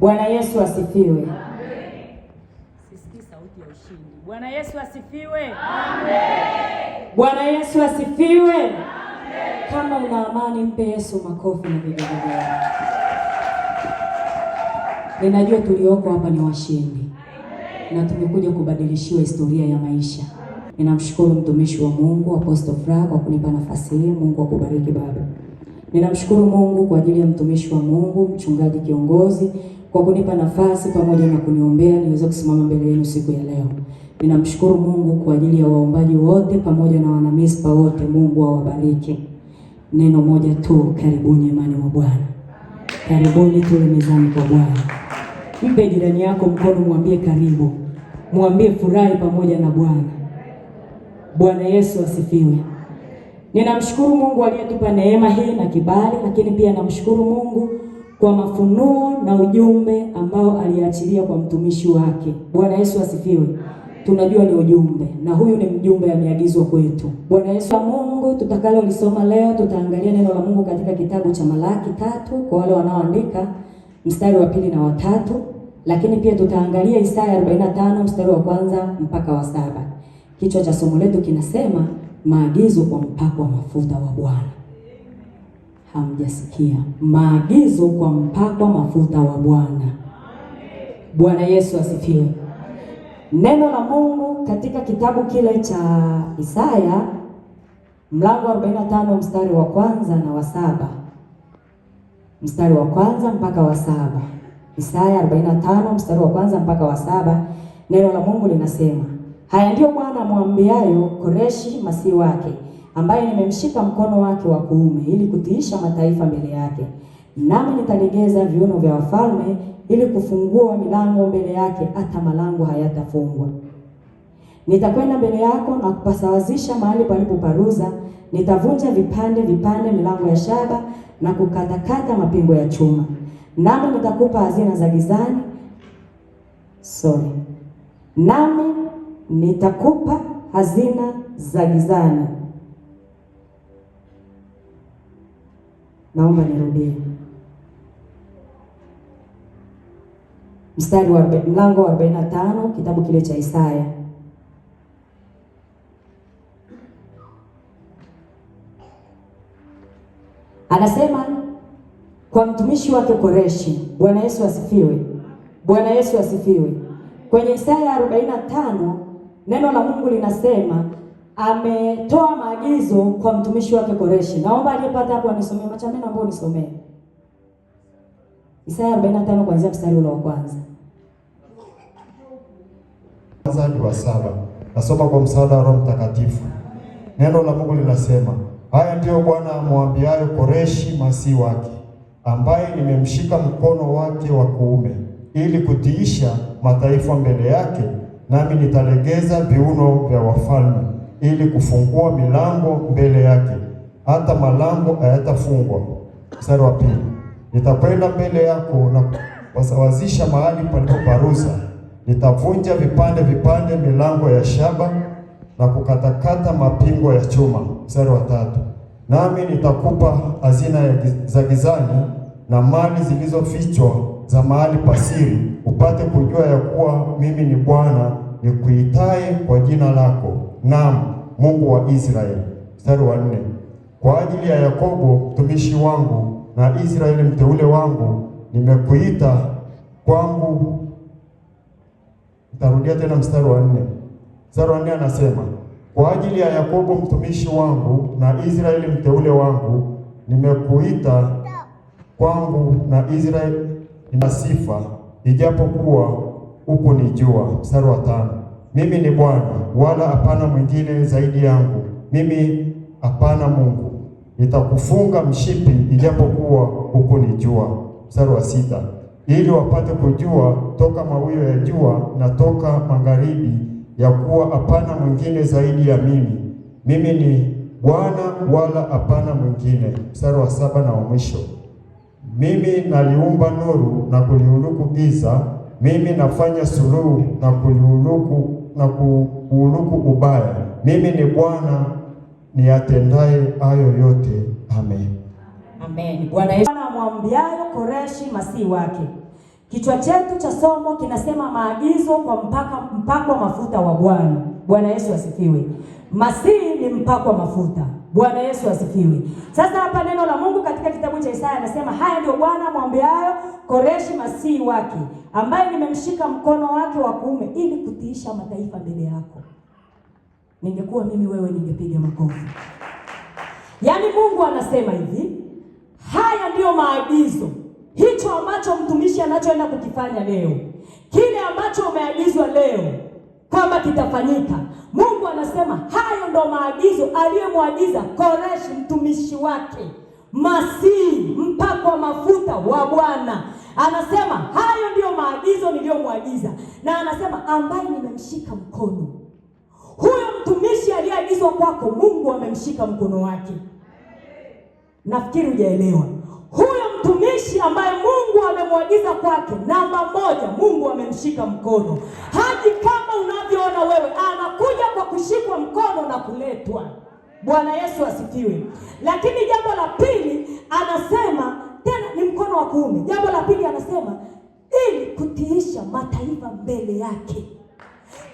Bwana Yesu asifiwe. Bwana Yesu asifiwe. Amen. Bwana Yesu asifiwe. Amen. Kama una amani mpe Yesu makofi na vigelegele. Ninajua tulioko hapa ni washindi na tumekuja kubadilishiwa historia ya maisha. Ninamshukuru mtumishi wa Mungu Apostle Fra kwa kunipa nafasi hii. Mungu akubariki baba. Ninamshukuru Mungu kwa ajili ya mtumishi wa Mungu mchungaji kiongozi kwa kunipa nafasi pamoja na kuniombea niweze kusimama mbele yenu siku ya leo. Ninamshukuru Mungu kwa ajili ya waombaji wote pamoja na wanamispa wote. Mungu awabariki. Neno moja tu, karibuni imani mwa Bwana, karibuni tule mezani kwa Bwana. Mpe jirani yako mkono, mwambie karibu, mwambie furahi pamoja na Bwana. Bwana Yesu asifiwe. Ninamshukuru Mungu aliyetupa neema hii na kibali, lakini pia namshukuru Mungu kwa mafunuo na ujumbe ambao aliachilia kwa mtumishi wake. Bwana Yesu asifiwe. Tunajua ni ujumbe na huyu ni mjumbe ameagizwa kwetu. Bwana Yesu wa Mungu, lisoma leo, tutaangalia neno la Mungu katika kitabu cha Malaki tatu kwa wale wanaoandika mstari wa pili na watatu, lakini pia tutaangalia Isaya 45 mstari wa kwanza mpaka wa saba. Kichwa cha somo letu kinasema maagizo kwa mpako wa mafuta wa Bwana hamjasikia maagizo kwa mpakwa mafuta wa Bwana. Bwana Yesu asifiwe. Neno la Mungu katika kitabu kile cha Isaya mlango wa 45 mstari wa kwanza na wa saba mstari wa kwanza mpaka wa saba Isaya 45 mstari wa kwanza mpaka wa saba neno la Mungu linasema haya ndiyo Bwana amwambiayo Koreshi masii wake ambaye nimemshika mkono wake wa kuume ili kutiisha mataifa mbele yake, nami nitalegeza viuno vya wafalme ili kufungua milango mbele yake, hata malango hayatafungwa. Nitakwenda mbele yako na kupasawazisha mahali palipoparuza, nitavunja vipande vipande milango ya shaba na kukatakata mapingo ya chuma, nami nitakupa hazina za gizani. Sorry, nami nitakupa hazina za gizani Naomba nirudie mstari wa mlango wa 45 kitabu kile cha Isaya. Anasema kwa mtumishi wake Koreshi. Bwana Yesu asifiwe! Bwana Yesu asifiwe! Kwenye Isaya 45 neno la Mungu linasema ametoa maagizo kwa mtumishi wake Koreshi. Naomba aliyepata hapo anisomee macho meno, ambao unisomee Isaya 45 kuanzia mstari ule wa kwanza hadi wa saba. Nasoma kwa msaada wa Roho Mtakatifu. Neno la Mungu linasema, haya ndiyo Bwana amwambiayo Koreshi masii wake, ambaye nimemshika mkono wake wa kuume ili kutiisha mataifa mbele yake, nami nitalegeza viuno vya wafalme ili kufungua milango mbele yake, hata malango hayatafungwa. Mstari wa pili, nitakwenda mbele yako na kusawazisha mahali palipoparuza nitavunja vipande vipande milango ya shaba na kukatakata mapingo ya chuma. Mstari wa tatu, nami nitakupa hazina za gizani na mali zilizofichwa za mahali pasiri, upate kujua ya kuwa mimi ni Bwana nikuitaye kwa jina lako. Naam, Mungu wa Israeli. Mstari wa nne, kwa ajili ya Yakobo mtumishi wangu na Israeli mteule wangu, nimekuita kwangu. Nitarudia tena mstari wa nne. Mstari wa nne anasema kwa ajili ya Yakobo mtumishi wangu na Israeli mteule wangu, nimekuita kwangu na Israeli na sifa, ijapokuwa jua Mstari wa tano mimi ni Bwana, wala hapana mwingine zaidi yangu. Mimi hapana Mungu. Nitakufunga mshipi, ijapokuwa jua. Mstari wa sita, ili wapate kujua toka mawio ya jua na toka magharibi, ya kuwa hapana mwingine zaidi ya mimi. Mimi ni Bwana, wala hapana mwingine. Mstari wa saba na wa mwisho, mimi naliumba nuru na kulihuluku giza, mimi nafanya suluhu na kulihuluku na kuuluku ubaya. Mimi ni Bwana niyatendaye hayo yote. Amen. Amen. Bwana Yesu amwambiayo Koreshi masihi wake. Kichwa chetu cha somo kinasema maagizo kwa mpaka mpakwa mafuta wa Bwana. Bwana Yesu asifiwe. Masihi ni mpakwa mafuta. Bwana Yesu asifiwe. Sasa hapa neno la Mungu katika kitabu cha Isaya anasema, haya ndio Bwana amwambiayo Koreshi masihi wake, ambaye nimemshika mkono wake wa kuume ili kutiisha mataifa mbele yako. Ningekuwa mimi wewe, ningepiga makofi. Yaani Mungu anasema hivi, haya ndiyo maagizo, hicho ambacho mtumishi anachoenda kukifanya leo, kile ambacho umeagizwa leo kwamba kitafanyika Mungu anasema hayo ndo maagizo aliyomwagiza Koreshi mtumishi wake Masihi, wa mafuta wa Bwana. Anasema hayo ndiyo maagizo niliyomwagiza, na anasema ambaye nimemshika mkono. Huyo mtumishi aliyeagizwa kwako, Mungu amemshika mkono wake. Nafikiri hujaelewa huyo mtumishi ambaye Mungu amemwagiza kwake, namba moja, Mungu amemshika mkono. Haji kama unavyoona wewe, anakuja kwa kushikwa mkono na kuletwa. Bwana Yesu asifiwe. Lakini jambo la pili anasema tena ni mkono wa kuume. Jambo la pili anasema ili kutiisha mataifa mbele yake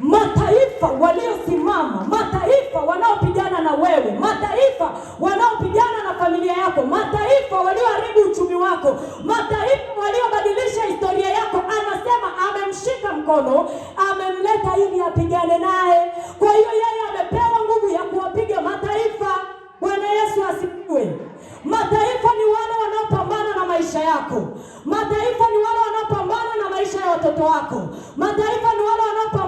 mataifa waliosimama, mataifa wanaopigana na wewe, mataifa wanaopigana na familia yako, mataifa walioharibu uchumi wako, mataifa waliobadilisha historia yako. Anasema amemshika mkono, amemleta ili apigane naye. Kwa hiyo yeye amepewa nguvu ya kuwapiga mataifa. Bwana Yesu asifiwe. Mataifa ni wale wanaopambana na maisha yako, mataifa ni wale wanaopambana na maisha ya watoto wako, mataifa ni wale wanaopambana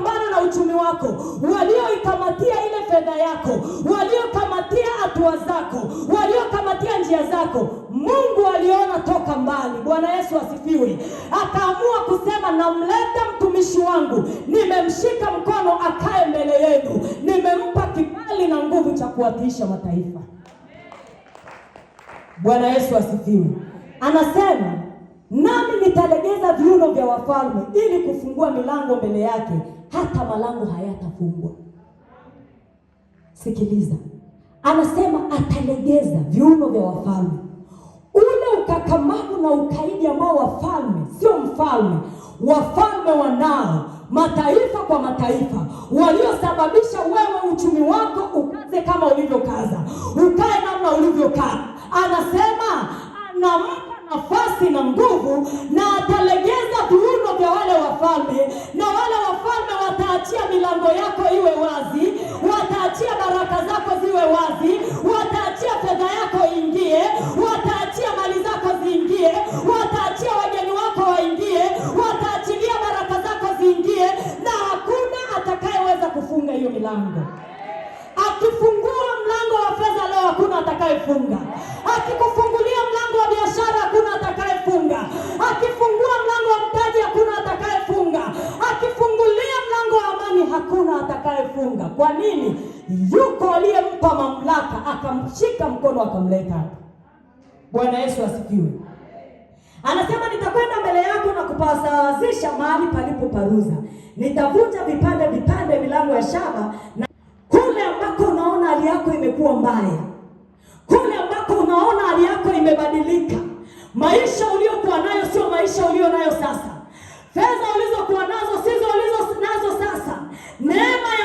uchumi wako, walioikamatia ile fedha yako, waliokamatia hatua zako, waliokamatia njia zako, Mungu aliona toka mbali. Bwana Yesu asifiwe, akaamua kusema, namleta mtumishi wangu, nimemshika mkono, akae mbele yenu, nimempa kibali na nguvu cha kuwatiisha mataifa. Bwana Yesu asifiwe. Anasema, nami nitalegeza viuno vya wafalme ili kufungua milango mbele yake hata malango hayatafungwa. Sikiliza, anasema atalegeza viuno vya wafalme, ule ukakamavu na ukaidi ambao wafalme, sio mfalme, wafalme wanao mataifa kwa mataifa, waliosababisha wewe uchumi wako ukaze kama ulivyokaza, ukae namna ulivyokaa. Anasema anampa nafasi na nguvu atakayefunga. Kwa nini? Yuko aliyempa mamlaka, akamshika mkono, akamleta Bwana Yesu asifiwe. Anasema nitakwenda mbele yako na kupasawazisha mahali palipo paruza, nitavunja vipande vipande milango ya shaba, na kule ambako unaona hali yako imekuwa mbaya, kule ambako unaona hali yako imebadilika, maisha uliyokuwa nayo sio maisha uliyo nayo sasa, fedha ulizokuwa nazo sizo ulizo Спаса. Немає